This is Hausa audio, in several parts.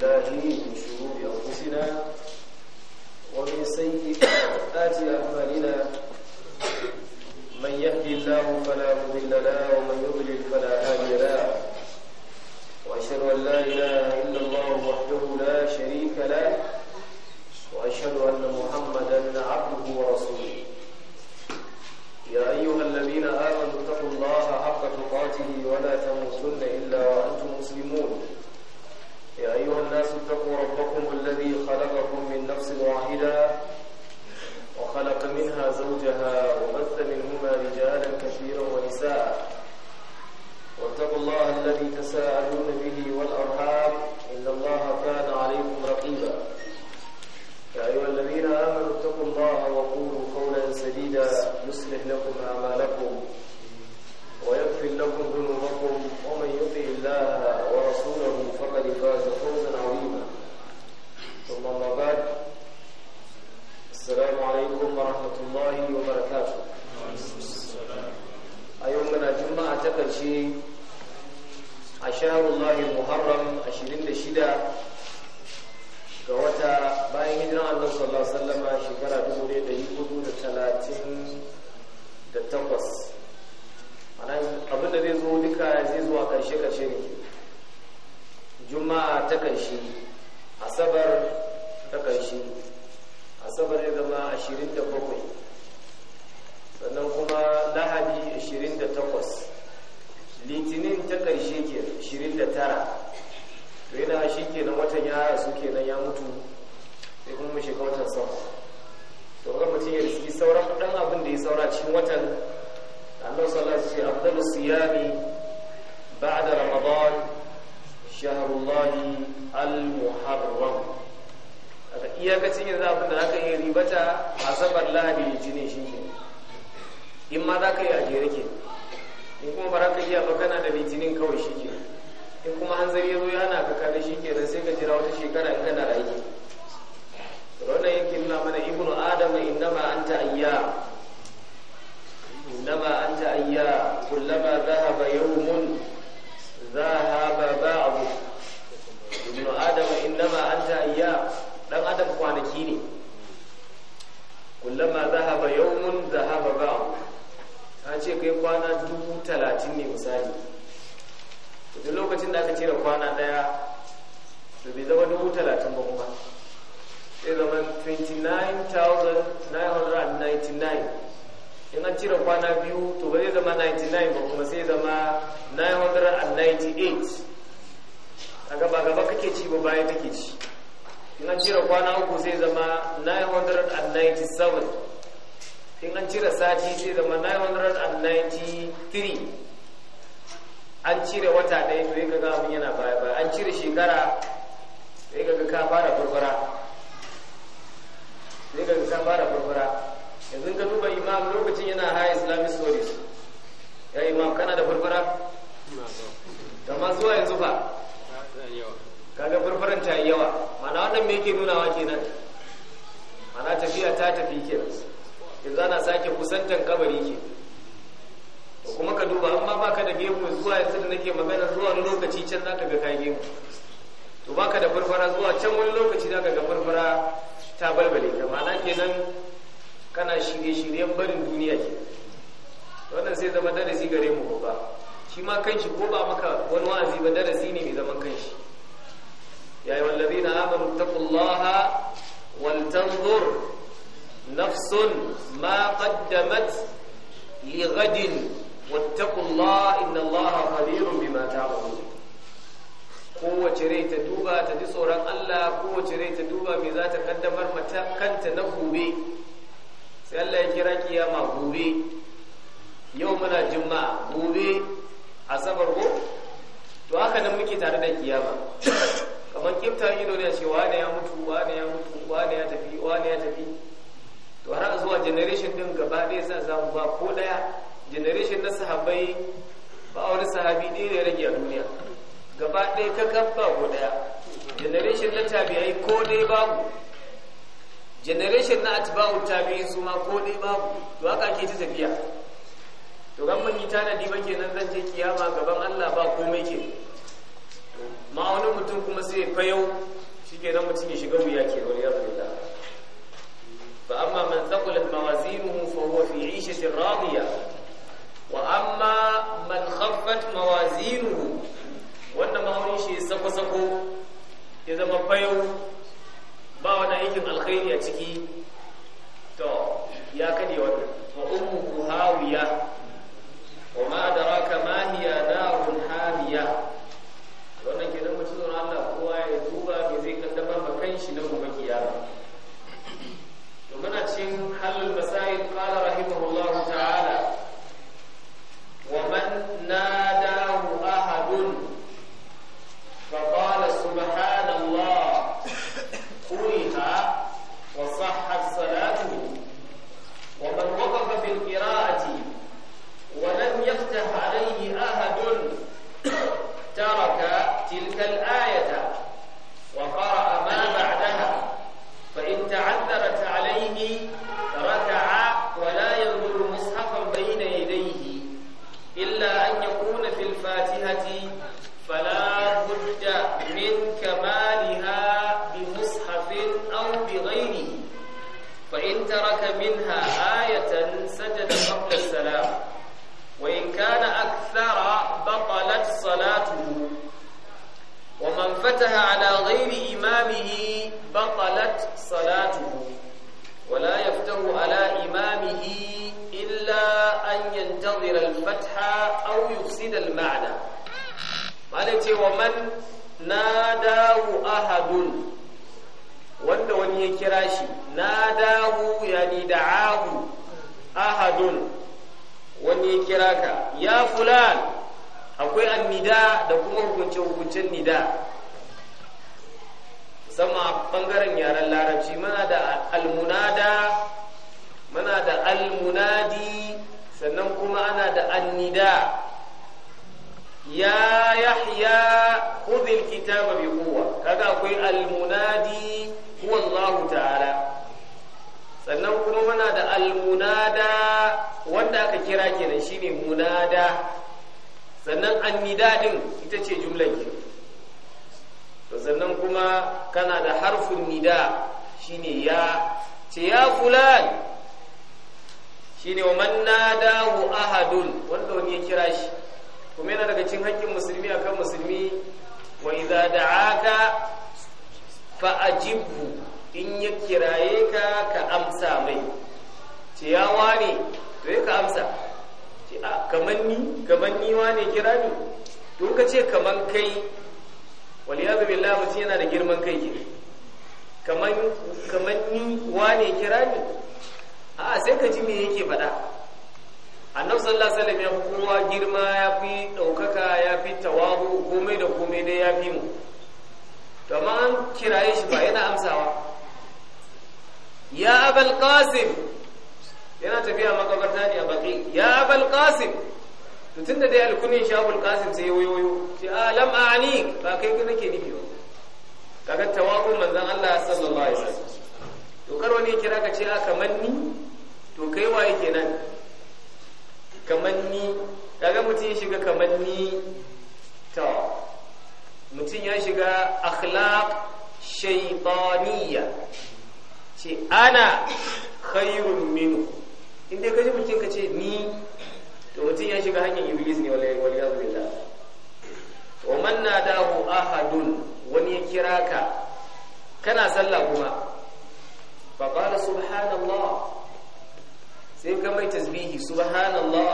بالله من شرور أنفسنا karshe karshe ne juma'a ta karshe asabar ta karshe asabar ya zama 27 sannan kuma lahadi 28 litinin ta karshe ke 29 to yana shi kenan watan ya rasu kenan ya mutu sai kuma shiga watan sama to ga mutum ya riski sauran ɗan abin da ya saura cikin watan Allah sallallahu alaihi wasallam ya ce afdalus siyami بعد رمضان شهر الله المحرم aka iyakacin yanzu abin da zaka yi ribata a sabar lahadi litinin shi ke in ma za ka yi a jere ke in kuma ba zaka iya magana da litinin kawai shi ke in kuma an zari yazo yana ka kada shi ke sai ka jira wata shekara in kana rayu wannan yake na mana ibnu adama innama anta ayyam innama anta ayyam kullama dhahaba yawm kullama zahaba yawmun zahaba ba'u ta ce kai kwana dubu talatin ne misali duk lokacin da aka cire kwana daya to bai zama dubu talatin ba kuma sai zama 29,999 in an cire kwana biyu to ba zai zama 99 ba kuma sai zama 998 a gaba gaba kake ci ba baya take ci in an cire kwana uku sai zama 997 in an cire sati sai zama 993 an cire wata ɗaya to yi kaga abin yana baya baya an cire shekara to yi kaga ka fara furfura to yi kaga ka fara furfura yanzu ka duba imam lokacin yana high islamic stories ya imam kana da furfura kamar zuwa yanzu ba kaga furfuran ta yi yawa wannan me yake nunawa kenan ana tafiya ta tafi kenan yanzu ana sake kusantan kabari ke kuma ka duba amma baka da gemu zuwa yanzu da nake magana zuwa wani lokaci can ka ga ka gemu to baka da farfara zuwa can wani lokaci ka ga farfara ta balbale ka ma'ana kenan kana shirye-shiryen barin duniya ke wannan sai zama darasi gare mu ba shi ma kanshi ko ba maka wani wa'azi ba darasi ne mai zaman kanshi يا أيها الذين آمنوا اتقوا الله ولتنظر نفس ما قدمت لغد واتقوا الله إن الله خبير بما تعملون kowace rai ta duba ta ji tsoron Allah kowace rai ta duba me za ta kaddamar mata kanta na gobe sai Allah ya kira kiyama gobe yau muna juma'a gobe asabar ko to haka nan muke tare da kiyama kamar kimta ido ne a ce wane ya mutu wane ya mutu wane ya tafi wane ya tafi to har zuwa generation din gaba ɗaya sa zamu ba ko ɗaya generation na sahabbai ba wani sahabi ɗaya ne rage a duniya gaba ɗaya kan ba ko ɗaya generation na tabi'ai ko dai babu generation na atba'u tabiyai su ma ko dai babu to haka ake ta tafiya to gan mun yi tanadi ba kenan zan je kiyama gaban Allah ba komai ke. Ma ma'aunin mutum kuma sai ya fayau shi ke nan mutum ya shiga wuya ke wani yadda da ba amma man thaqulat mawazinuhu fa huwa fi 'ishatin radiya wa amma man khaffat mawazinuhu wanda ma'aunin shi sako sako ya zama fayau ba wani aikin alkhairi a ciki to ya kade wannan wa ummuhu hawiya wa ma adraka ma hiya nar cikin halin kuma ana da annida ya yahya khudhil kitaba bi quwwa kaga akwai almunadi huwa Allah ta'ala sannan kuma muna da almunada wanda aka kira kenan shine munada sannan annida din ita ce jumlar ki to sannan kuma kana da harfin nida shine ya ce ya fulan ne wa man nadahu ahadun wanda wani ya kira shi kuma yana daga cikin hakkin musulmi a kan musulmi wa iza da'aka fa fa'ajibu in ya kiraye ka ka amsa mai ce ya wane to ya ka amsa ce a kaman ni kaman ni wane kira ni to ka ce kaman kai waliyazu billahi mutum yana da girman kai ke kaman ni wane kira ni a sai ka ji me yake faɗa annabi sallallahu alaihi wasallam ya kowa girma ya fi ɗaukaka ya fi tawahu komai da komai dai ya fi mu to amma an kiraye shi ba yana amsawa ya abal qasim yana tafiya makabarta ne a baki ya abal qasim to tunda dai alkunin shi abul qasim sai yoyo ce a ah, lam ani ba kai ka nake nufi ba kaga tawahu manzon Allah sallallahu alaihi wasallam to kar wani kira ka ce a ah, kamar ni to kai waye kenan kamar ni kaga mutum ya shiga kamar ni ta mutum ya shiga akhlaq shaytaniya ce ana khairun minhu inda kaji mutum ka ce ni to mutum ya shiga hanyar iblis ne wallahi wallahi billah wa man nadahu ahadun wani ya kira ka kana sallah kuma fa qala subhanallah sai ka mai tasbihi subhanallah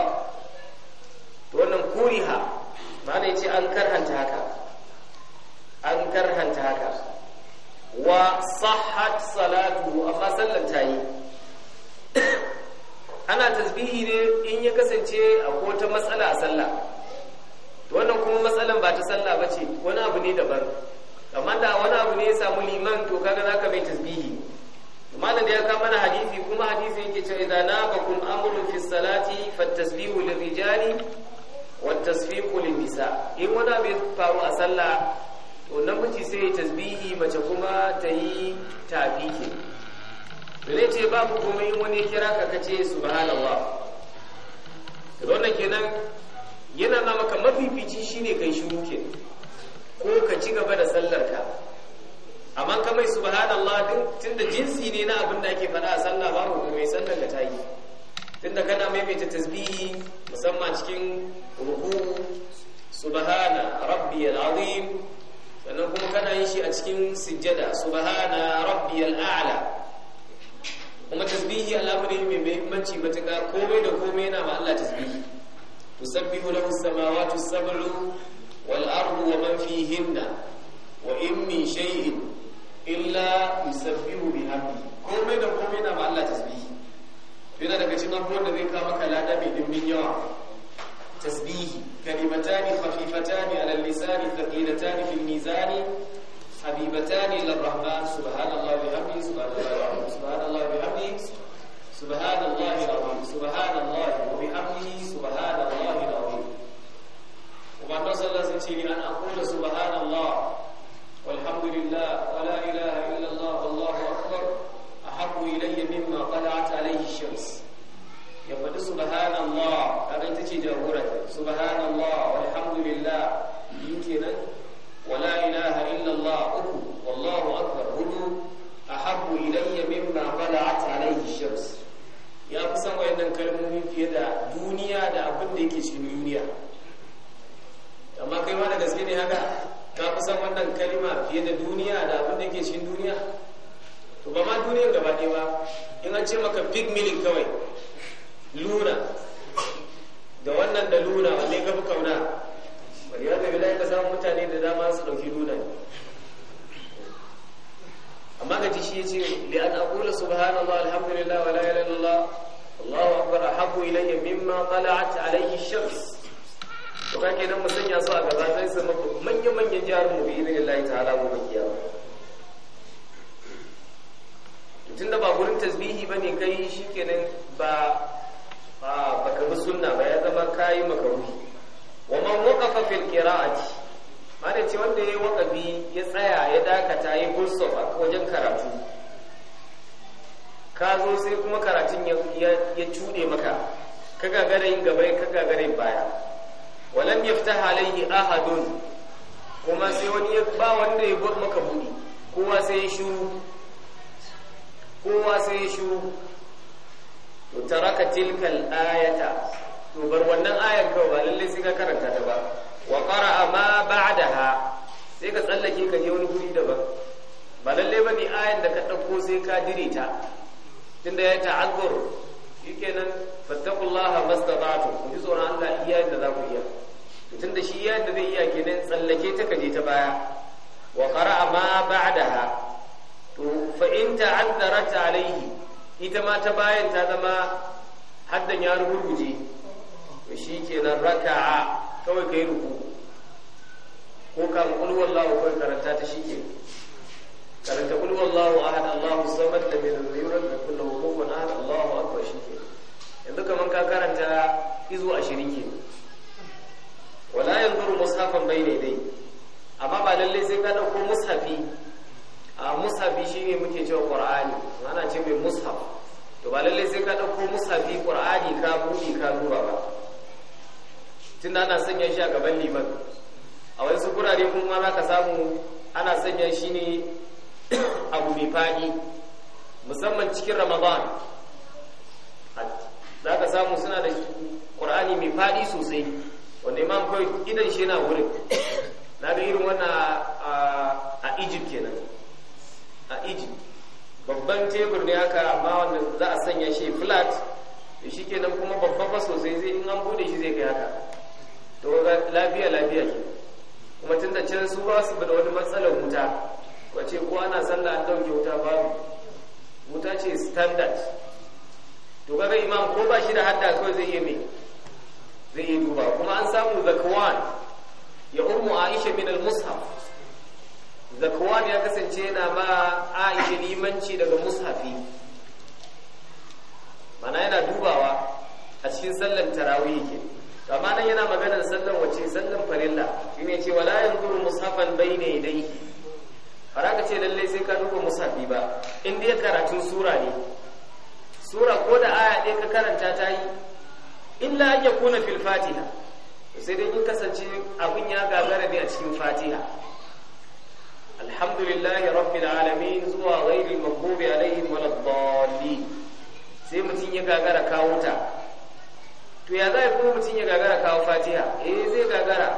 to wannan kuriha ma'ana ce an karhanta haka an karhanta haka wa sahhat salatu amma sallar ta yi ana tasbihi ne in ya kasance a wata matsala a sallah wannan kuma matsalan ba ta sallah bace wani abu ne daban amma da wani abu ne ya samu liman to kaga zaka mai tasbihi malam da ya kama mana hadisi kuma hadisi yake cewa idan kun amuru fi salati wa tasfiqu wattasfiqu linisa in wani abu faru a sallah to namiji sai ya tasbihi mace kuma ta yi tafiki to ne ce babu kuma in wani kira ka kace subhanallah to wannan kenan yana na maka mafifici shine kai shiru muke ko ka ci gaba da tunda jinsi ne na abin da ake faɗa a sallah babu ko mai sallar da ta yi tunda kana maimaita tasbihi musamman cikin ruku subhana rabbiyal azim sannan kuma kana yin shi a cikin sujjada subhana rabbiyal a'la kuma tasbihi al'amari mai muhimmanci matuƙa komai da komai yana ma Allah tasbihi tusabbihu lahu samawati sabu wal ardu wa man fihinna wa in min shay'in إلا يسبه بحقه كم من قوم ينام على تسبيه فينا دقة نقول ذي كما كلام من من يوع تسبيه كلمتان خفيفتان على اللسان ثقيلتان في الميزان حبيبتان للرحمن سبحان الله بحمده سبحان الله العظيم سبحان الله بحمده سبحان الله العظيم سبحان الله وبحمده سبحان الله العظيم وبعد نصر الله سبحان الله والحمد لله subhanallah kaga ita ce jagora subhanallah walhamdulillah biyu kenan wala ilaha illallah uku wallahu akbar hudu ahabbu ilayya mimma bala'at alayhi shams ya fi san wayannan kalmomi fiye da duniya da abin da yake cikin duniya amma kai ma da gaske ne haka ka fi san wannan kalma fiye da duniya da abin da yake cikin duniya to ba ma duniyar gaba ɗaya ba in an ce maka big meaning kawai luna da wannan da luna wanne ka fi kauna bari ya tafi lai ka samu mutane da dama su dauki luna amma ka ji shi ya ce li an aqula subhanallah alhamdulillah wa la ilaha illallah Allahu akbar ahabbu ilayya mimma tala'at alayhi shams to kake nan mu sanya su a gaba sai su manya manyan jarumu bi idinillahi ta'ala mu bakiyama tunda ba gurin tasbihi bane kai shikenan ba a baka bi sunna ba ya zama kayi makaruhi wa man waqafa fil qira'ati mana ce wanda yayi waqafi ya tsaya ya dakata ya bursof a wajen karatu ka zo sai kuma karatun ya cude maka ka gagara yin gaba ka gagara yin baya walam yaftaha alaihi ahadun kuma sai wani ya ba wanda ya bar maka buɗi kowa sai ya shuru kowa sai ya shuru to taraka tilkal ayata to bar wannan ayan kawai ba lalle sai ka karanta ta ba wa qara'a ma ba'daha sai ka tsallake ka je wani guri daban ba lalle ba ni ayan da ka ɗauko sai ka dire ta tunda ya ta'azzur shikenan fattaqullaha mastata'tum ku ji tsoron Allah iya da za ku iya tunda shi yayin da zai iya kenan tsallake ta ka je ta baya wa qara'a ma ba'daha to fa in ta'azzarat alayhi ita ma ta bayan ta zama haddan ya rubuje to shi ke nan raka'a kawai kai rubu ko kan ulwallahu kai karanta ta shi ke karanta a ahad Allahu samad lam da yulam yakul lahu kufuwan ahad Allahu akwai shi ke yanzu kaman ka karanta izu 20 ke wala yanzuru bai ne dai amma ba lallai sai ka ɗauko mushafi a mushafi shine muke cewa ƙwar'ani ana ce mai musafi. to ba lallai sai ka ɗauko musafi ƙur'ani ka buɗe ka duba ba tun ana sanya shi a gaban liman a wasu gurare kuma za ka samu ana sanya shi ne abu mai fadi musamman cikin ramadan za ka samu suna da ƙur'ani mai fadi sosai wanda imam kawai idan shi yana wurin na da irin wannan a egypt kenan a egypt babban tebur ne haka amma wanda za a sanya shi flat da shi kenan kuma babban ba sosai zai in an bude shi zai kai haka to lafiya lafiya ke kuma tun da can su ba su bada wani matsalar wuta wace ko ana sallah an dauke wuta babu wuta ce standard to kaga imam ko ba shi da hadda kawai zai yi zai yi duba kuma an samu zakwan ya ummu aisha min al-mushaf zakwan ya kasance yana ba aisha limanci daga mushafi mana yana dubawa a cikin sallar tarawih ke amma nan yana maganar sallan wace sallan farilla shine ce wala yanzuru mushafan bayna yadayhi ka ce lalle sai ka duba mushafi ba in dai karatun sura ne sura ko da aya ɗaya ka karanta ta yi illa an yakuna fil fatiha sai dai in kasance abun ya gagara ne a cikin fatiha alhamdulillahi rabbil alamin zuwa ghairil maghdubi alaihim waladdallin sai mutum ya gagara kawo ta to ya zai kuma mutum ya gagara kawo fatiha eh zai gagara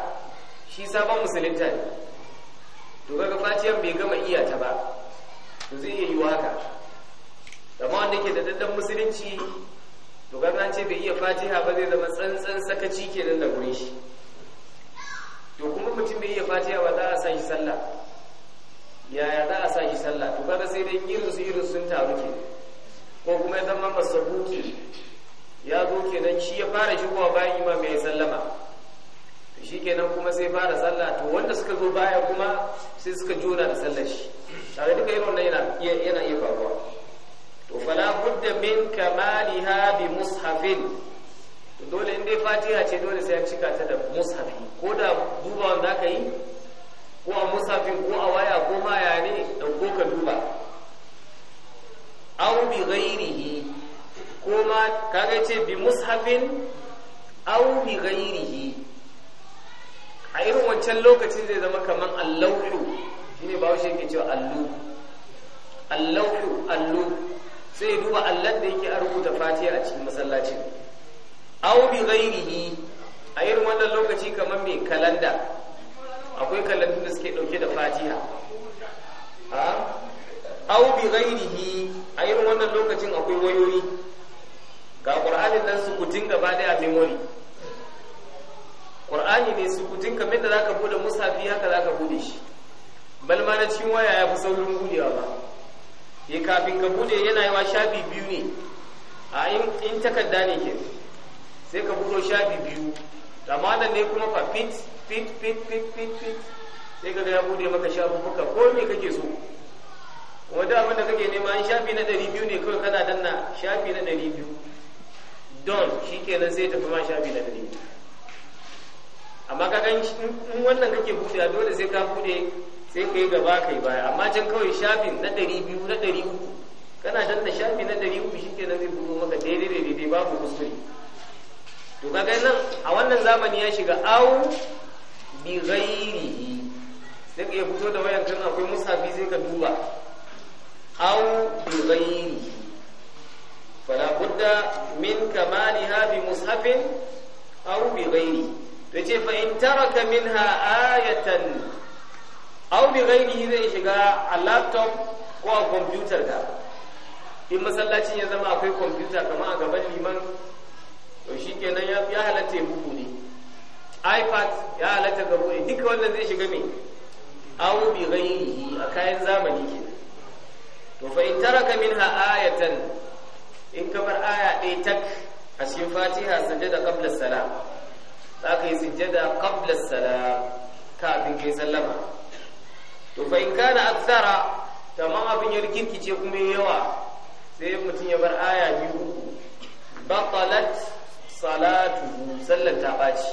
shi sabon musulunta ne to kaga fatihar bai gama iya ta ba to zai iya yiwa haka amma wanda yake da daddan musulunci to kaga ce bai iya fatiha ba zai zama tsantsan sakaci kenan da gurin shi to kuma mutum bai iya fatiha ba za a san shi sallah yaya za a sa shi sallah to kaga sai dai irin su irin sun taru ke ko kuma ya zama masabuki ya zo kenan shi ya fara shigowa bayan imam ya sallama to shi kenan kuma sai fara sallah to wanda suka zo baya kuma sai suka jona da sallar shi tare duka irin wannan yana yana iya faruwa to fala budda min kamaliha bi mushafin to dole in dai fatiha ce dole sai an cika ta da mushafi ko da duba wanda aka yi ko a musafin ko a waya ko ma ya ne ɗauko ka duba aw bi ghairihi ko ma kaga ce bi mushafin aw bi ghairihi a irin wancan lokacin zai zama kaman allahu shine ba shi yake cewa allu allahu allu sai duba allan da yake a rubuta fatiha a cikin masallacin aw bi ghairihi a irin wannan lokaci kaman mai kalanda akwai kallon da suke dauke da fatiha au bi ghairihi a irin wannan lokacin akwai wayoyi ga qur'anin nan kutin gaba da a memory qur'ani ne su kutin kamar da zaka bude musafi haka zaka bude shi Balma na cikin waya ya fi saurin budewa ba ya kafin ka bude yana yawa shafi biyu ne a in takarda ne ke sai ka buɗo shafi biyu da malam ne kuma fa fit fit fit fit fit fit sai kaga ya bude maka shafuffuka ko me kake so kuma da abin da kake nema an shafi na ɗari biyu ne kawai kana danna shafi na ɗari biyu don shi kenan sai tafi ma shafi na ɗari biyu amma ka gan in wannan kake a dole sai ka bude sai ka yi gaba kai baya amma can kawai shafin na ɗari biyu na ɗari uku kana danna shafi na ɗari uku shi kenan zai buru maka daidai daidai babu kuskure to kaga nan a wannan zamani ya shiga au bi ghairi sai ka fito da wayan kan akwai musafi sai ka duba au bi ghairihi fala budda min kamaliha bi mushafin au bi ghairi to ce fa in taraka minha ayatan au bi ghairi zai shiga a laptop ko a computer da in masallacin ya zama akwai computer kamar a gaban liman to shi kenan ya halatta ya bugu ne ipad ya halatta ga buɗe duka wannan zai shiga mai awu bi ghairihi a kayan zamani ke to fa in taraka minha ayatan in ka bar aya ɗaya tak a cikin fatiha sujada qabla salam za ka yi sujada qabla salam kafin kai sallama to fa in kana akthara tamam abin ya rikirkice kuma yawa sai mutum ya bar aya biyu batalat salatuhu sallan ta ɓaci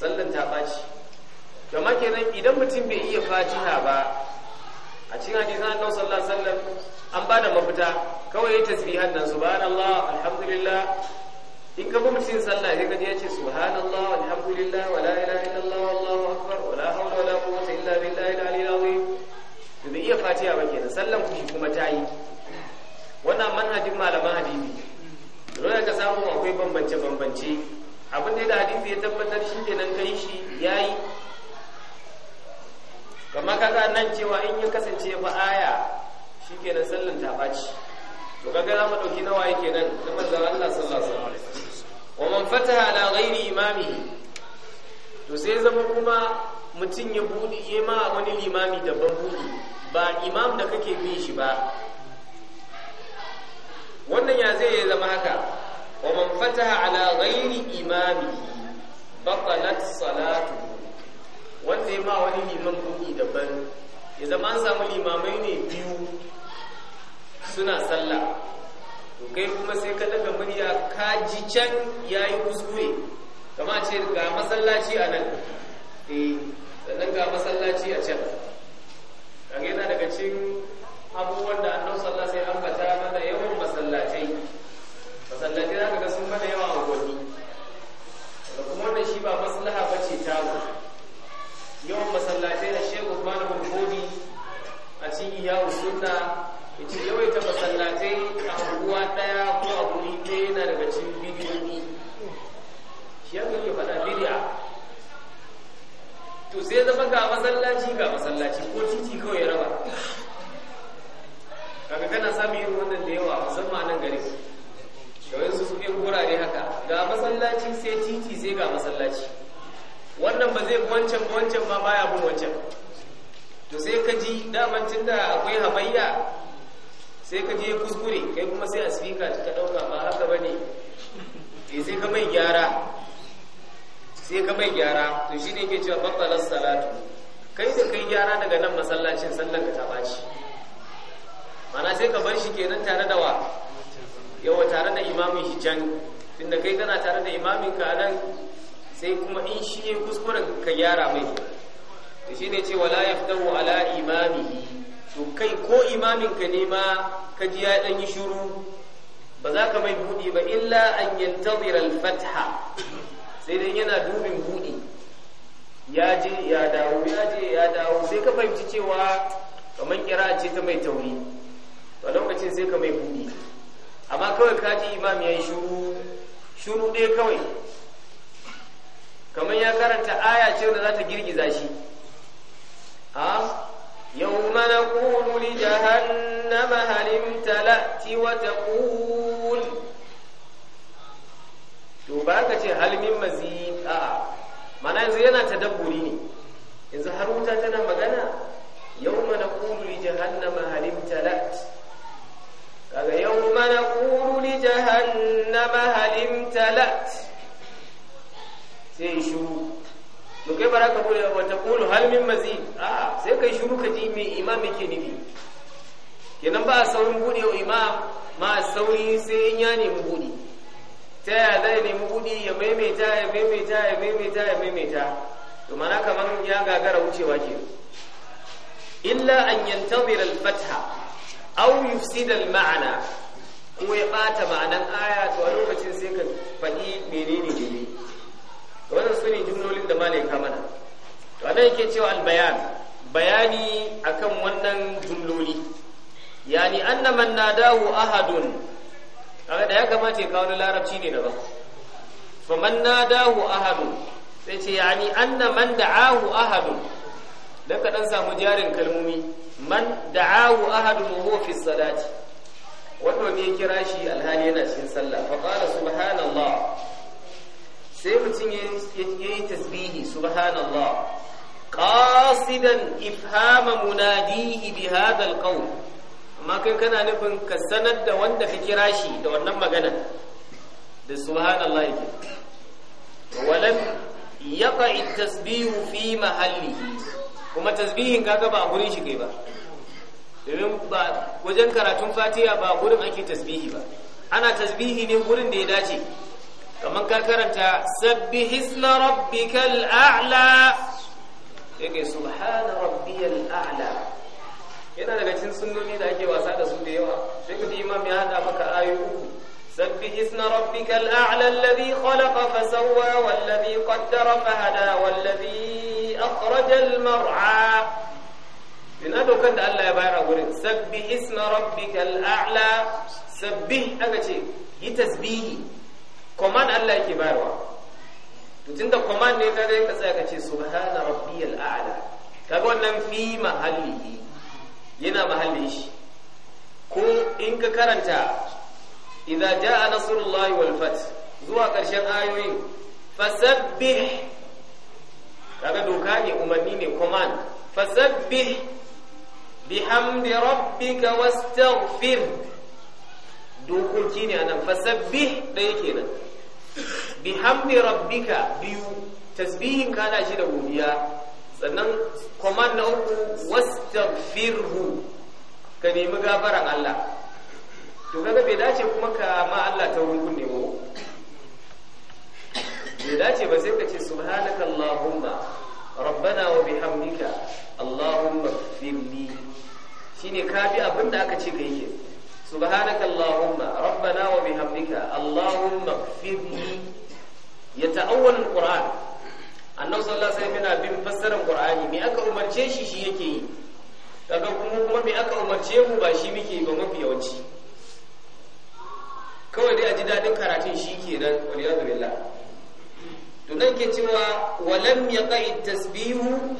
sallan ta ɓaci kama kenan idan mutum bai iya fatiha ba a cikin hadisan annabi sallallahu alaihi wasallam an ba da mafita kawai ya su ba subhanallah alhamdulillah in ka bi mutum sallah sai ka ji ya ce subhanallah alhamdulillah wala ilaha illallah wallahu akbar wala hawla wala quwwata illa billahi al-aliyyil azim to bai iya fatiha ba kenan sallan kuma ta yi wannan manhajin malaman hadisi dole ka samu akwai bambance bambance abin da hadisi ya tabbatar shi ne nan kai shi yayi kamar kaga nan cewa in ya kasance ba aya nan sallan ta baci to kaga za mu dauki yake kenan na manzon Allah sallallahu alaihi wasallam wa man fataha ala ghairi imami to sai zama kuma mutum ya buɗe yema wani limami daban buɗe ba imam da kake bin shi ba wannan ya zai zama haka wa man fataha ala ghairi imamihi batalat salatuhu wanda ya ma wani liman buki daban ya zama an samu limamai ne biyu suna sallah to kai kuma sai ka daga murya ka ji can yayi kuskure kama ce ga masallaci a nan eh sannan ga masallaci a can kage yana daga cikin abubuwan da annabi sallallahu alaihi wasallam sai ambata ya ce yawai yawaita masallatai a unguwa daya ko a guri ɗaya yana daga cikin bidiyoyi shi ya kake faɗa bidiya to sai zama ga masallaci ga masallaci ko titi kawai ya raba kaga kana sami irin wannan da yawa musamman nan gari da wasu su suke wurare haka ga masallaci sai titi sai ga masallaci wannan ba zai wancan wancan ma baya bin wancan to sai ka ji daman tun da akwai hamayya sai ka je kuskure kai kuma sai a sifika ka ɗauka ba haka ba ne ke eh, sai ka mai gyara sai ka mai gyara to shi ne ke cewa bakwalar salatu kai da kai gyara daga nan masallacin sallar ka ta ɓaci mana sai ka bar shi kenan tare da wa yawa tare da imamin shi can tunda kai kana tare da imamin ka nan sai kuma in shi ne kuskuren ka gyara mai shi ne cewa wala yaftahu ala imamihi to kai ko imamin ka ne ma ka ji ya dan yi shiru ba za ka mai budi ba illa an yantazira al-fatha sai dan yana dubin budi ya je ya dawo ya je ya dawo sai ka fahimci cewa kamar kira ce ta mai tauri to lokacin sai ka mai budi amma kawai ka ji imam yi shiru shiru ɗaya kawai kamar ya karanta aya ce da za ta girgiza shi يوم نقول لجهنم هل امتلأت وتقول to ba ka ce halmin mazid a mana yanzu yana tadabburi ne yanzu har tana magana yawma naqulu li jahannama halin talat kaga yawma naqulu li jahannama halim talat sai shuru to kai ba ka bude wata taqulu halmin min a sai kai shiru ka ji mai imam yake nufi kenan ba a saurin buɗe wa imam ma a sauri sai in ya nemi buɗe ta ya zai nemi buɗe ya maimaita ya maimaita ya maimaita ya maimaita to mana kamar ya gagara wucewa ke illa an yantazira al-fatha aw yufsida al-ma'na ko ya bata ma'anan aya to a lokacin sai ka faɗi menene ne wannan su ne jumlolin da mala ya mana to anan yake cewa albayan bayani akan wannan jumloli yani anna man nadahu ahadun kaga da ya kamata ka wani larabci ne ba fa man nadahu ahadun sai ce yani anna man da'ahu ahadun dan ka dan samu jarin kalmomi man da'ahu ahadun huwa fi salati wato ne kira shi alhali yana cikin sallah fa sai mutum ya yi tasbihi subhanallah qasidan ifhama munadihi bi hadha alqawl amma kai kana nufin ka sanar da wanda ka kira shi da wannan magana da subhanallah yake walam yaqa tasbihu fi mahallihi kuma tasbihin kaga ba a gurin shi kai ba domin ba wajen karatun fatiha ba gurin ake tasbihi ba ana tasbihi ne gurin da ya dace kamar ka karanta sabbi yake subhana yana daga cikin sunnoni da ake wasa da su da yawa sai imam ya hada maka sabbi fahada mar'a ina dokan da Allah ya bayar a gurin sabbi hisma sabbi aka ce yi tasbihi command Allah yake bayarwa to tunda command ne kaga ka tsaya ka ce subhana rabbiyal a'la kaga wannan fi mahallihi yana mahallin shi ko in ka karanta idza jaa nasrullahi wal fath zuwa karshen ayoyin fasabbih kaga doka ne umarni ne command fasabbih bihamdi rabbika wastaghfir dokoki ne anan fasabbih ɗaya kenan hamdi rabbika biyu tasbihin kana shi da godiya sannan command na uku wastaghfirhu ka nemi gafaran Allah to kaga bai dace kuma ka ma Allah ta wurin kunne ba bai dace ba sai ka ce subhanaka allahumma rabbana wa bihamdika allahumma ighfirli shine ka bi abinda aka ce kai kenan سبحانك اللهم ربنا وبحمدك اللهم اغفر لي يتأول القرآن annabi sallallahu alaihi wasallam yana bin fassarar Qur'ani me aka umarce shi shi yake yi kaga kuma kuma me aka umarce mu ba shi muke ba mafi yawanci kawai dai a ji dadin karatun shi kenan waliyadu billah to nan ke cewa walam kai tasbihu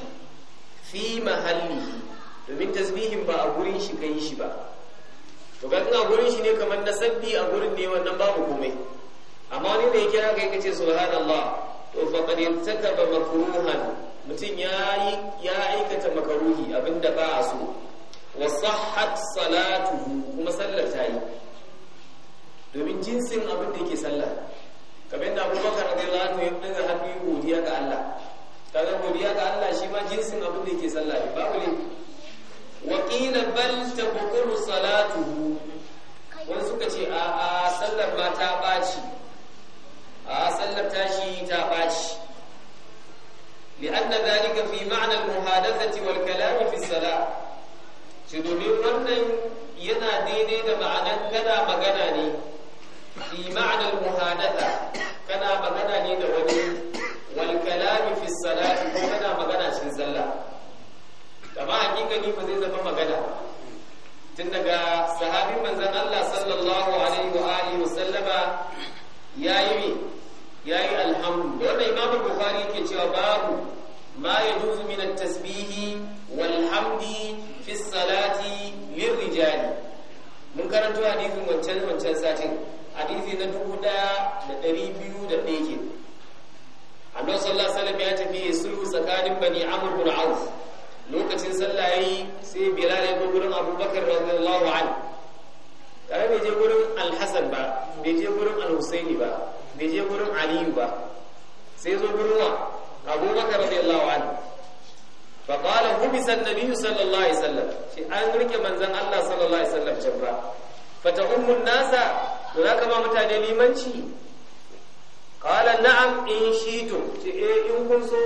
fi mahalli domin tasbihin ba a gurin shi kai shi ba to ga ina gurin shi ne kamar na sabbi a gurin ne wannan babu komai amma ne da ya kira kai kace subhanallah to qad irtakaba makruhan mutum yayi ya aikata makaruhi abinda ba a so wa sahhat salatuhu kuma sallar ta yi domin jinsin abin da yake sallah kamar da Abu Bakar radiyallahu anhu ya daga hannu godiya ga Allah kaga godiya ga Allah shi ma jinsin abin da yake sallah babu ne Waƙila bal ta bukuru salatu. wani suka ce a a sallar ma ta baci a sallar tashi ta baci لأن ذلك maanar معنى المحادثة والكلام في الصلاة shi domin wannan yana daidai da ma'anar kana magana ne fi ma'anar muhadatha kana magana ne da wani wal kalami fi salati ko kana magana cikin sallah amma hakikani ba zai zama magana tun daga sahabin manzan Allah sallallahu alaihi wa alihi wa sallama yayi yayi alhamdu da wannan imam bukhari yake cewa babu ma yajuzu min at-tasbih wal hamdi fi salati lirrijal mun karanta hadisin wancan wancan satin hadisi na dubu da 1201 ke Allah sallallahu alaihi wa sallam ya tafi sulhu tsakanin bani Amr bin Auf lokacin sallah yayi sai bilal ya go gurin abubakar radiyallahu anhu kare bai je gurin alhasan ba bai je gurin alhusaini ba bai je gurin aliyu ba sai zo gurin wa abubakar radiyallahu anhu fa qala hubisa an-nabiy sallallahu alaihi wasallam shi an rike manzon Allah sallallahu alaihi wasallam jabra fa ta'ummu an-nasa to zaka ba mutane limanci qala na'am in shi to eh in kun so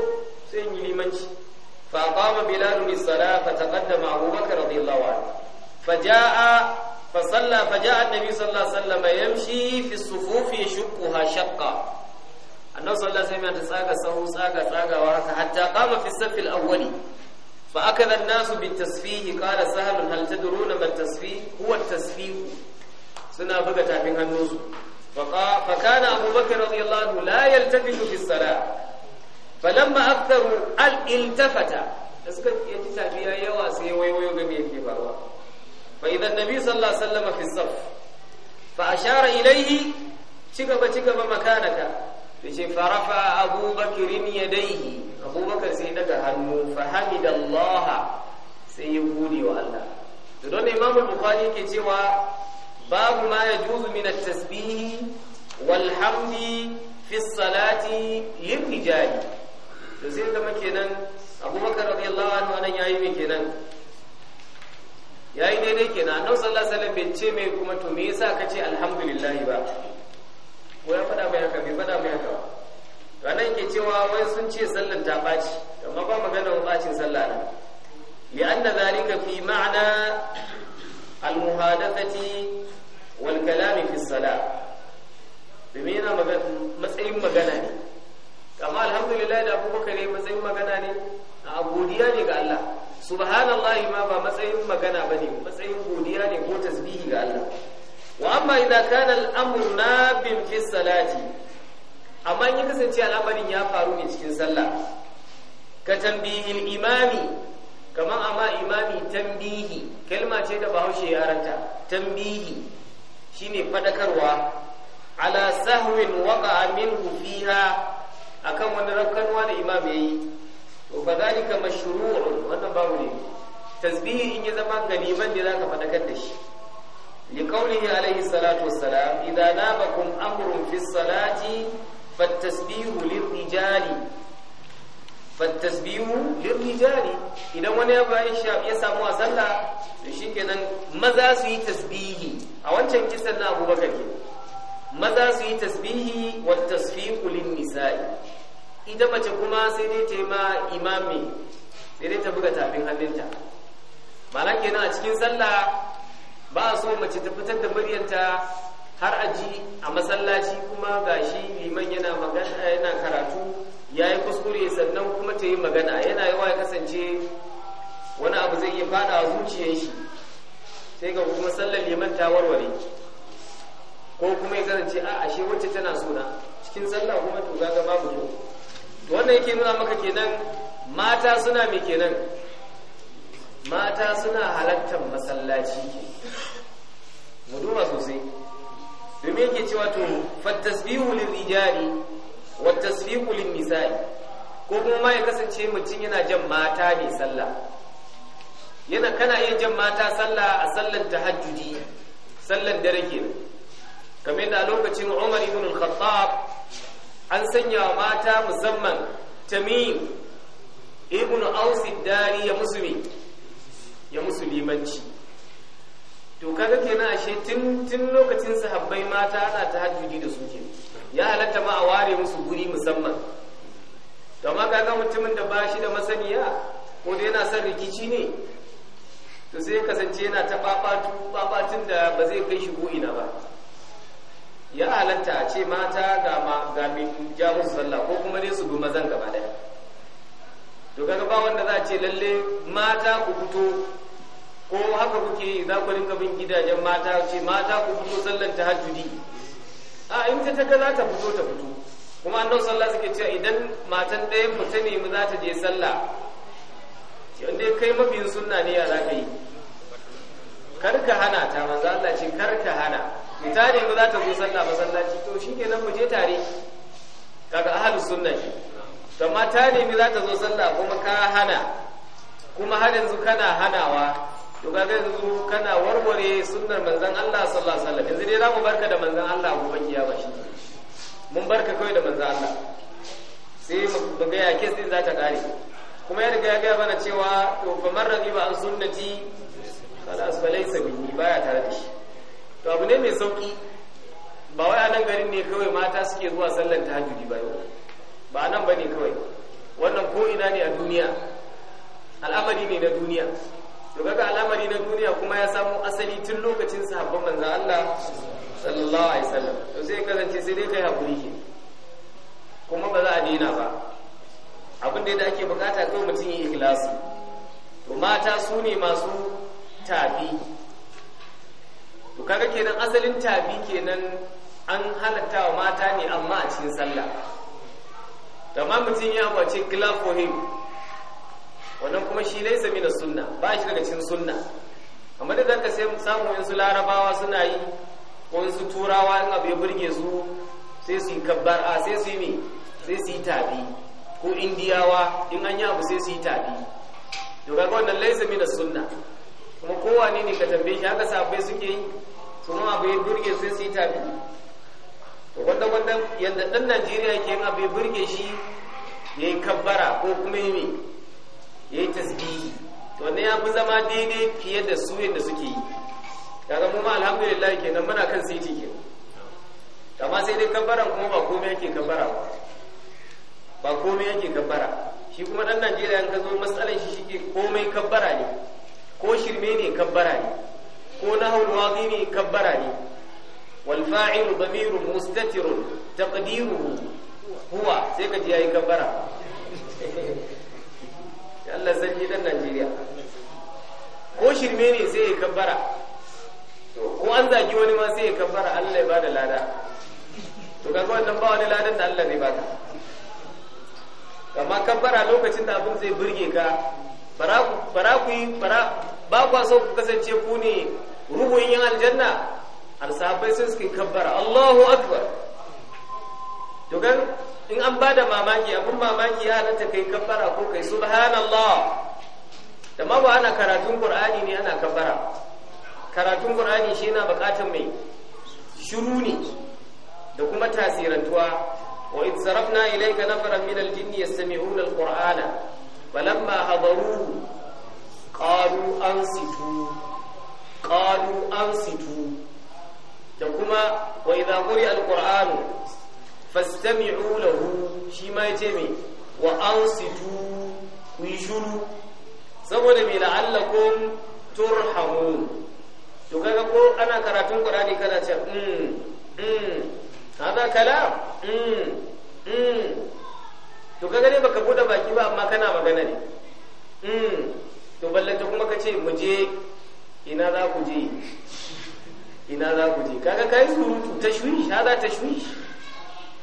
sai yi limanci فأقام بلال الصلاة فتقدم أبو بكر رضي الله عنه فجاء فصلى فجاء النبي صلى الله عليه وسلم يمشي في الصفوف يشقها شقا النبي صلى الله عليه وسلم يتساقى سهو ساقى ساقى وهكا حتى قام في الصف الأول فأكذ الناس بالتسفيه قال سهل هل تدرون ما التسفيه هو التسفيه سنة بقى تابين النوز فكان أبو بكر رضي الله عنه لا يلتفت في الصلاة falamma aktharu al iltafata da suka yaji tafiya yawa sai waiwayo ga me yake faruwa fa idan nabi sallallahu alaihi wasallam fi saf fa ashara ilayhi cigaba cigaba makanaka yace farafa abubakar yadayhi abubakar sai daga hannu fa hamidallaha sai ya gode wa Allah to don imam bukhari yake cewa babu ma yajuzu min at-tasbih wal hamdi fi as-salati lirrijali to sai zama kenan abubakar radiyallahu anhu anan yayi me kenan yayi daidai kenan annabi sallallahu alaihi wasallam bai ce me kuma to me yasa kace alhamdulillah ba ko ya faɗa mai haka bai faɗa mai haka to anan yake cewa wai sun ce sallan ta baci amma ba magana bacin sallah nan لأن ذلك في معنى المحادثة والكلام في الصلاة abdullahi da abubakar ne matsayin magana ne a godiya ne ga Allah subhanallahi ma ba matsayin magana bane matsayin godiya ne ko tasbihi ga Allah wa amma idza kana al-amru nabin fi salati amma in kasance al'amarin ya faru ne cikin sallah ka tambihil imami kamar amma imami tambihi kalma ce da bahaushe ya ranta tambihi shine fadakarwa ala sahwin waqa'a minhu fiha akan wani rafkanuwa da imam ya yi to ba zalika mashru'un wannan babu ne tasbihi in ya zama galiman da zaka fadakar da shi li qawlihi alayhi salatu wassalam idza nabakum amrun fi salati fattasbihu lirrijali fattasbihu lirrijali idan wani ya sha ya samu a sallah to shikenan maza su yi tasbihi a wancan kisan na Abubakar kenan maza su yi tasbihi wa tasfiku lin ita mace kuma sai dai ta yi ma imami sai dai ta buga tafin hannunta mana kenan a cikin sallah ba a so mace ta fitar da muryarta har a ji a masallaci kuma gashi liman yana magana yana karatu ya yi kuskure sannan kuma ta yi magana yana yawa ya kasance wani abu zai iya fada zuciyar shi sai ga kuma sallar liman ta warware ko kuma ya kasance a ashe wacce tana suna cikin sallah kuma to kaga babu to wannan yake nuna maka kenan mata suna me kenan mata suna halartar masallaci mu duba sosai domin yake cewa to lil rijali wa tasfiqu nisa'i ko kuma ma ya kasance mutum yana jan mata ne sallah yana kana iya jan mata sallah a sallar tahajjudi sallar dare kenan kamar da lokacin Umar ibn al-Khattab an sanya mata musamman Tamim ibn Aus dari ya musulmi ya musulmanci to kaga kenan ashe tun tun lokacin sahabbai mata ana tahajjudi da su kenan ya halatta ma a ware musu guri musamman to amma kaga mutumin da bashi da masaniya ko da yana son rikici ne to sai kasance yana ta babatu babatun da ba zai kai shi ko ina ba ya halatta a ce mata ga ga Jamus sallah ko kuma dai su bi mazan gaba daya to kaga ba wanda za a ce lalle mata ku fito ko haka kuke za ku rinka bin gidajen mata ce mata ku fito sallan hajjudi a in ta ta za ta fito ta fito kuma dau sallah suke cewa idan matan ɗaya fita ne mu za ta je sallah ya kai mabiyin sunna ne ya za ka kar ka hana ta manzo Allah ce kar ka hana tare ne ba za ta zo sallah masallaci to shi mu je tare kaga ahlus sunna ne amma tare mi za ta zo sallah kuma ka hana kuma har yanzu kana hanawa to kaga yanzu kana warware sunnar manzon Allah sallallahu alaihi wasallam yanzu dai za mu barka da manzon Allah gobe ba shi mun barka kai da manzon Allah sai mu ga ya kes sai za ta kare kuma ya riga ya ga bana cewa to famar rabi ba an sunnati khalas fa laysa ba baya tare da shi to abu ne mai sauki ba wai a nan garin ne kawai mata suke zuwa sallar tahajjudi ba yau ba nan bane kawai wannan ko ina ne a duniya al'amari ne na duniya to kaga al'amari na duniya kuma ya samu asali tun lokacin sahabban manzo Allah sallallahu alaihi wasallam to sai kasance sai dai kai hakuri ke kuma ba za a daina ba abin da ake bukata kawai mutum yi ikhlasi to mata su ne masu tafi to kaga kenan asalin tabi kenan an halatta wa mata ne amma a cikin sallah amma mutum ya kwace glove for him wannan kuma shi laisa sunna ba shi daga cikin sunna amma da zaka sai samu yanzu larabawa suna yi ko su turawa in abu ya burge su sai su yi kabbar a sai su yi sai su tabi ko indiyawa in an yi abu sai su yi tabi to kaga wannan laisa mina sunna kuma ne ne ka tambaye shi haka sabai suke yi kuma abu ya burge sai su yi tafi to wanda wanda yadda ɗan najeriya ke yin abu ya burge shi ya yi kabbara ko kuma yi ya yi tasbihi to ne ya fi zama daidai fiye da su yadda suke yi daga mu ma alhamdulillah nan muna kan siti kenan amma sai dai kabbaran kuma ba komai yake kabbara ba ba komai yake kabbara shi kuma ɗan Najeriya in ka zo matsalar shi shi komai kabbara ne ko shirme ne kabbara ne ko nahul wadini kabbara ne wal fa'ilu damirun mustatirun taqdiruhu huwa sai ka ji yayi kabbara Allah zan yi dan Najeriya ko shirme ne sai ya kabbara ko an zaki wani ma sai ya kabbara Allah ya bada lada to kaga wannan ba wani ladan da Allah zai baka amma kabbara lokacin da abin zai burge ka bara ku yi ba kwa so ku kasance ku ne ruhun yin aljanna alsahabai sun suke kabbara Allahu akbar to kan in an da mamaki abin mamaki ya halatta kai kabbara ko kai subhanallah da ma ba ana karatun qur'ani ne ana kabbara karatun qur'ani shi yana bukatar mai shiru ne da kuma tasirantuwa wa idh sarafna ilayka nafaran min al-jinni yastami'una al-qur'ana falamma hadaru qalu ansitu qalu ansitu da kuma wa idza quri'a alqur'anu fastami'u lahu shi ma yace me wa ansitu ku shuru saboda me ko turhamun to kaga ko ana karatun qur'ani kana ce mm mm hada kalam mm to ka gane baka bude baki ba amma kana magana ne mm to ballanta kuma ka ce mu je ina za ku je ina za ku je kaga kai surutu ta shuyi za ta shuyi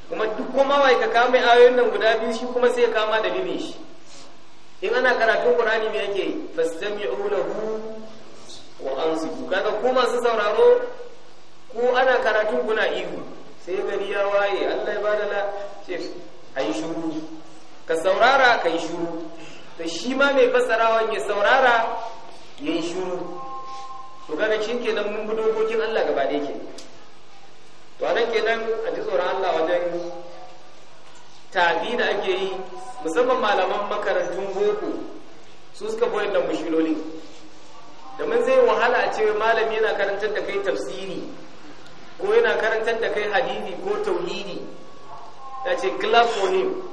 kuma duk kuma wai ka mai ayoyin nan guda biyu shi kuma sai ya kama da bibi shi in ana karatun qur'ani me yake fastami'u lahu wa ansitu kaga ko masu sauraro ko ana karatun kuna ihu sai gari ya waye Allah ya bada la ce ai shuru ka saurara ka yi shuru ta shi ma mai fasarawan ya saurara ya yi shuru to kaga shi kenan mun bi dokokin Allah gaba da yake to a nan kenan a ji tsoron Allah wajen tabi da ake yi musamman malaman makarantun boko su suka koyar da mushilolin mun zai wahala a cewa malami yana karantar da kai tafsiri ko yana karantar da kai hadisi ko tauhidi ta ce glass for him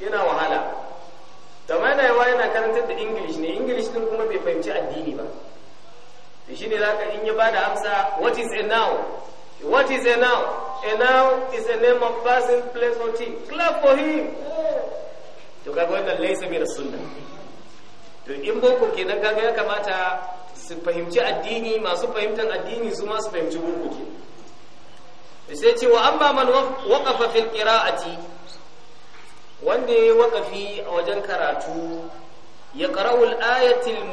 yana wahala da mana yawa yana karantar da english ne english din kuma bai fahimci addini ba da shi ne zaka in ya bada amsa what is a now? what is a now a now is a name of person place or thing clap for him to kaga wannan laisa min sunna to in boko kenan kaga ya kamata su fahimci addini masu fahimtar addini su ma su fahimci boko kenan sai ce wa amma man waqafa fil qira'ati wanda ya wakafi a wajen karatu ya qara'ul ayatil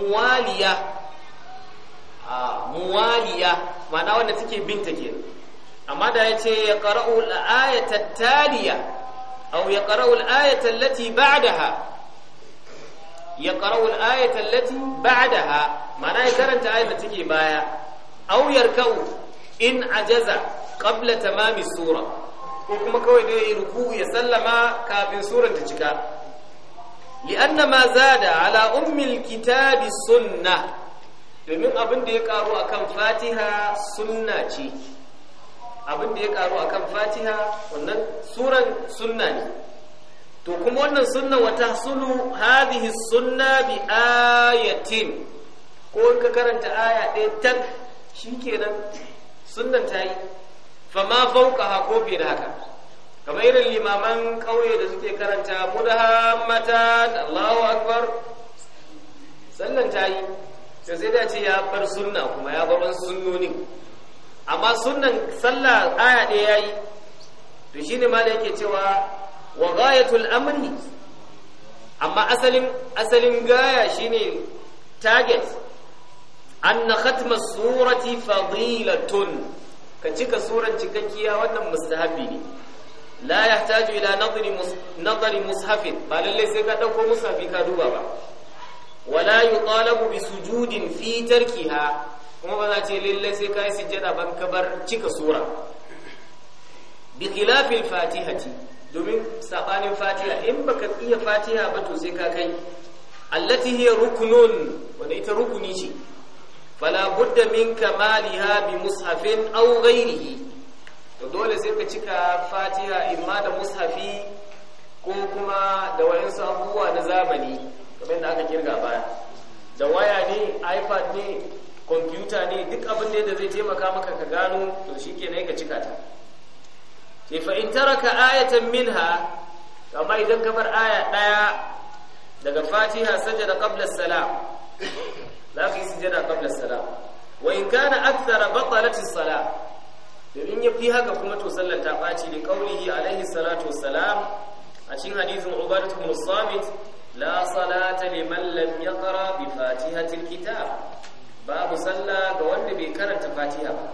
muwaliya a muwaliya ma'ana wanda take binta kenan amma da ya ce ya qara'ul ayatat taliya aw ya qara'ul ayatal lati ba'daha ya qara'ul ayatal lati ba'daha ma'ana ya karanta ayat da take baya aw yarkau in ajaza qabla tamami sura ko kuma kawai da yi ruku ya sallama kafin surar ta cika li'anna ma zada ala ummil kitabi sunna domin abin da ya karu akan fatiha sunna ce abin da ya karu akan fatiha wannan suran sunna ne to kuma wannan sunna wata sunu hadhihi sunna bi ayatin ko ka karanta aya ɗaya tak shikenan sunnan ta yi fama fauka ko fiye da haka kamar irin limaman ƙauye da suke karanta mudhammatan Allahu akbar sallan ta yi sai sai da ce ya bar sunna kuma ya bar wani sunnonin amma sunnan sallah aya ɗaya yayi to shine ma da yake cewa wa ghayatul amri amma asalin asalin gaya shine target anna khatma surati fadilatun ka cika suran cikakkiya wannan mustahabi ne la yahtaju ila nadri nadri mushafin ba lalle sai ka dauko mushafi ka duba ba wala yutalabu bi sujudin fi tarkiha kuma ba za ce lalle sai ka yi sujjada ban ka bar cika sura bi khilafil fatihati domin sabanin fatiha in baka iya fatiha ba to sai ka kai allati hiya ruknun wanda ita rukuni ce فلا بد min كمالها بمصحف mushafin غيره to dole sai ka cika fatiha imma da mushafi ko kuma da wayansu abubuwa na zamani kamar da aka kirga baya da waya ne ipad ne kwamfuta ne duk abin da zai taimaka maka ka gano to shi ke ka cika ta sai fa in taraka ayatan minha amma idan ka bar aya daya daga fatiha sajada qabla salam za ka yi sujada qabla salam wa in kana akthara batalat as-salah domin ya fi haka kuma to sallar ta ɓaci da ƙaunihi alaihi salatu wassalam a cikin hadisin ubadatu bin la salata liman lam yaqra bi fatihatil kitab babu salla ga wanda bai karanta fatiha ba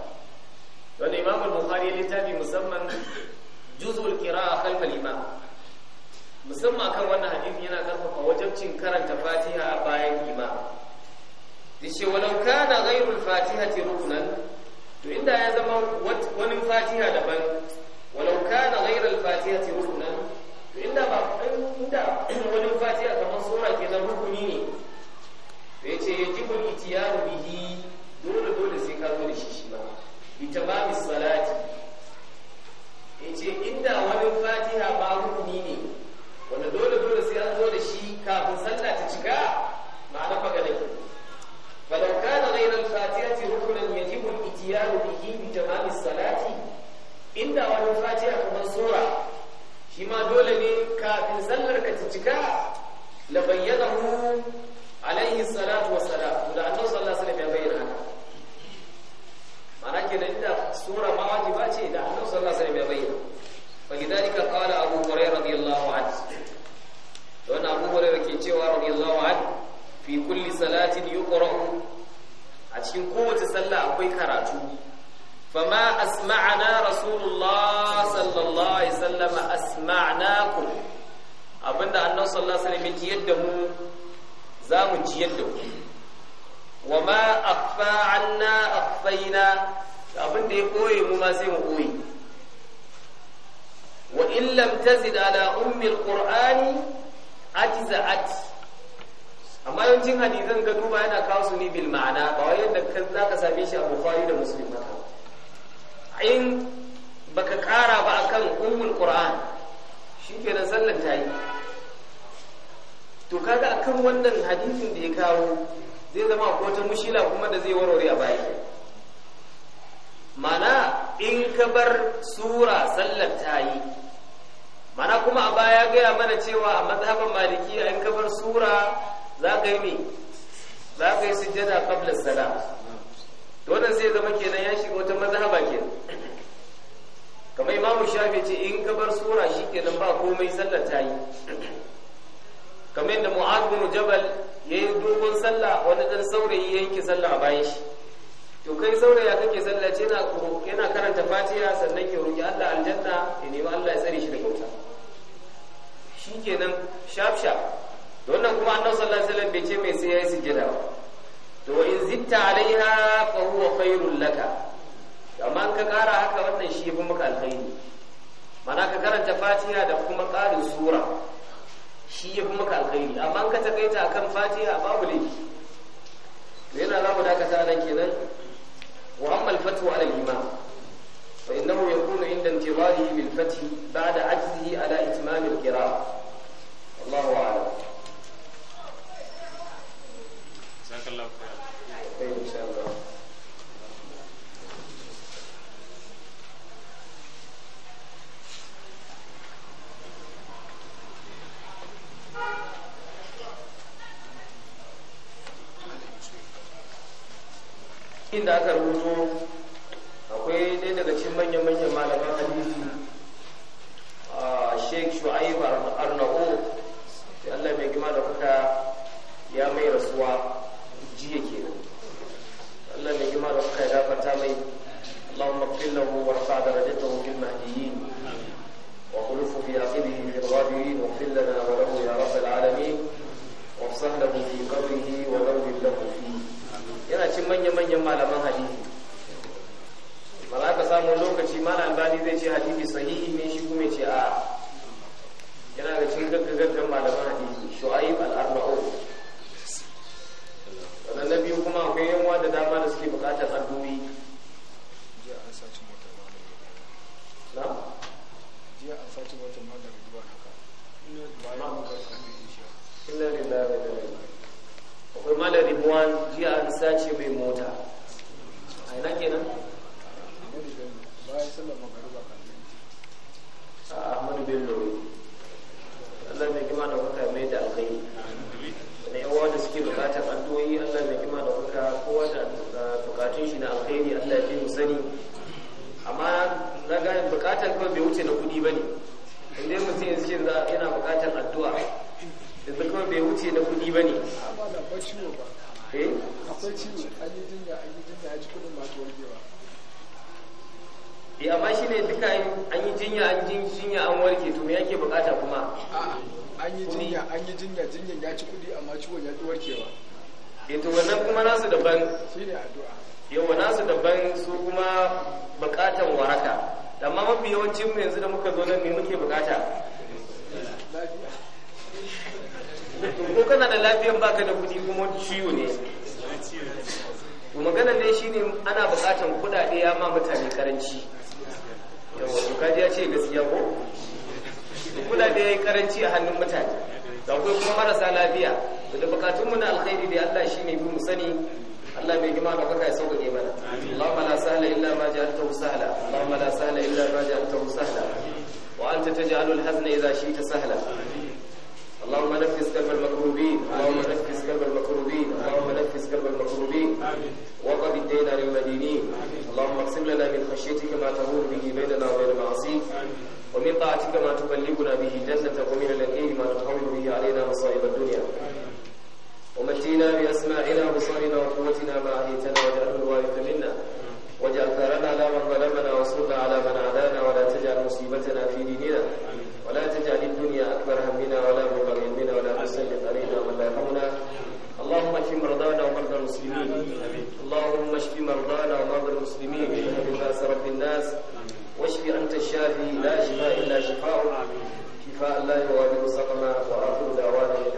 wanda imam al-bukhari littafi musamman juz'ul qira'a khalf al-imam musamman kan wannan hadisin yana karfafa wajibcin karanta fatiha a bayan imam yace walau kana ghairu al-fatihati ruknan to inda ya zama wani fatiha daban walau kana ghairu al-fatihati ruknan to inda ba inda wani fatiha kamar sura kenan rukuni ne to yace yajibu al-itiyanu bihi dole dole sai ka zo da shi shi ba bi tamami salati yace inda wani fatiha ba rukuni ne wanda dole dole sai an zo da shi kafin sallah yunadu bihi bi tamami salati inda wani fatiha kamar sura shi ma dole ne kafin sallar ka cicika la bayyanahu alaihi salatu wa wassalam da annabi kamar yadda mu'ad bin jabal yayi dogon sallah wani dan saurayi ya yanke sallah a bayan shi to kai sauraya kake sallah ce yana yana karanta fatiha sannan ke roki Allah aljanna ya nemi Allah ya tsare shi daga wuta shikenan shaf to wannan kuma annabi sallallahu alaihi wasallam bai ce mai sai yayi sujjada ba to wa in zitta alaiha fa huwa khairul laka amma ka kara haka wannan shi fi maka alkhairi mana ka karanta fatiha da kuma ƙarin sura shi ya fi maka alkhairi amma ka takaita kan fatiha babu laifi to yana za mu dakata nan kenan wa amma alfatu ala al-imam fa innahu yakunu inda intibahi bil fathi ba'da ajzihi ala itmam al-qira'ah wallahu a'lam inda aka rubuta ganin su kuma bukatan waraka amma mafi yawancin mu yanzu da muka zo nan ne muke bukata ko kana da lafiyan baka da kudi kuma ciwo ne to magana ne shine ana bukatan kudade ya ma mutane karanci yawa to kaji ya ce gaskiya ko kudade yayi karanci a hannun mutane da kuma marasa lafiya da bukatunmu na alkhairi da Allah shine bi mu sani Allah mai gima illa ma ji ta musahala. Allah mala sahala illa ma ji ta musahala. Wa an ta taji alul hazna idan shi ta sahala. Allah mala fiskar makurubi. Allah mala fiskar bal makurubi. Allah mala fiskar bal makurubi. Wa ka bi daina ne madini. Allah ma sim min kashiyati ka ma ta huru bihi bai da na wayar ma asi. Wa min ta'ati ka ma tuballi guna bihi jannata ko min lalƙe ma ta duniya. ومجدنا بأسماعنا وبصرنا وقوتنا ما أهيتنا واجعله الوارث منا واجعل ثارنا لا من ظلمنا وانصرنا على من عدانا ولا تجعل مصيبتنا في ديننا ولا تجعل الدنيا أكبر همنا ولا مبلغ منا ولا تسلط علينا من لا يرحمنا اللهم اشف مرضانا ومرضى المسلمين اللهم اشف مرضانا ومرضى المسلمين بما رب الناس واشف أنت الشافي لا شفاء إلا شفاء شفاء لا يغادر سقما وآخر دعوانا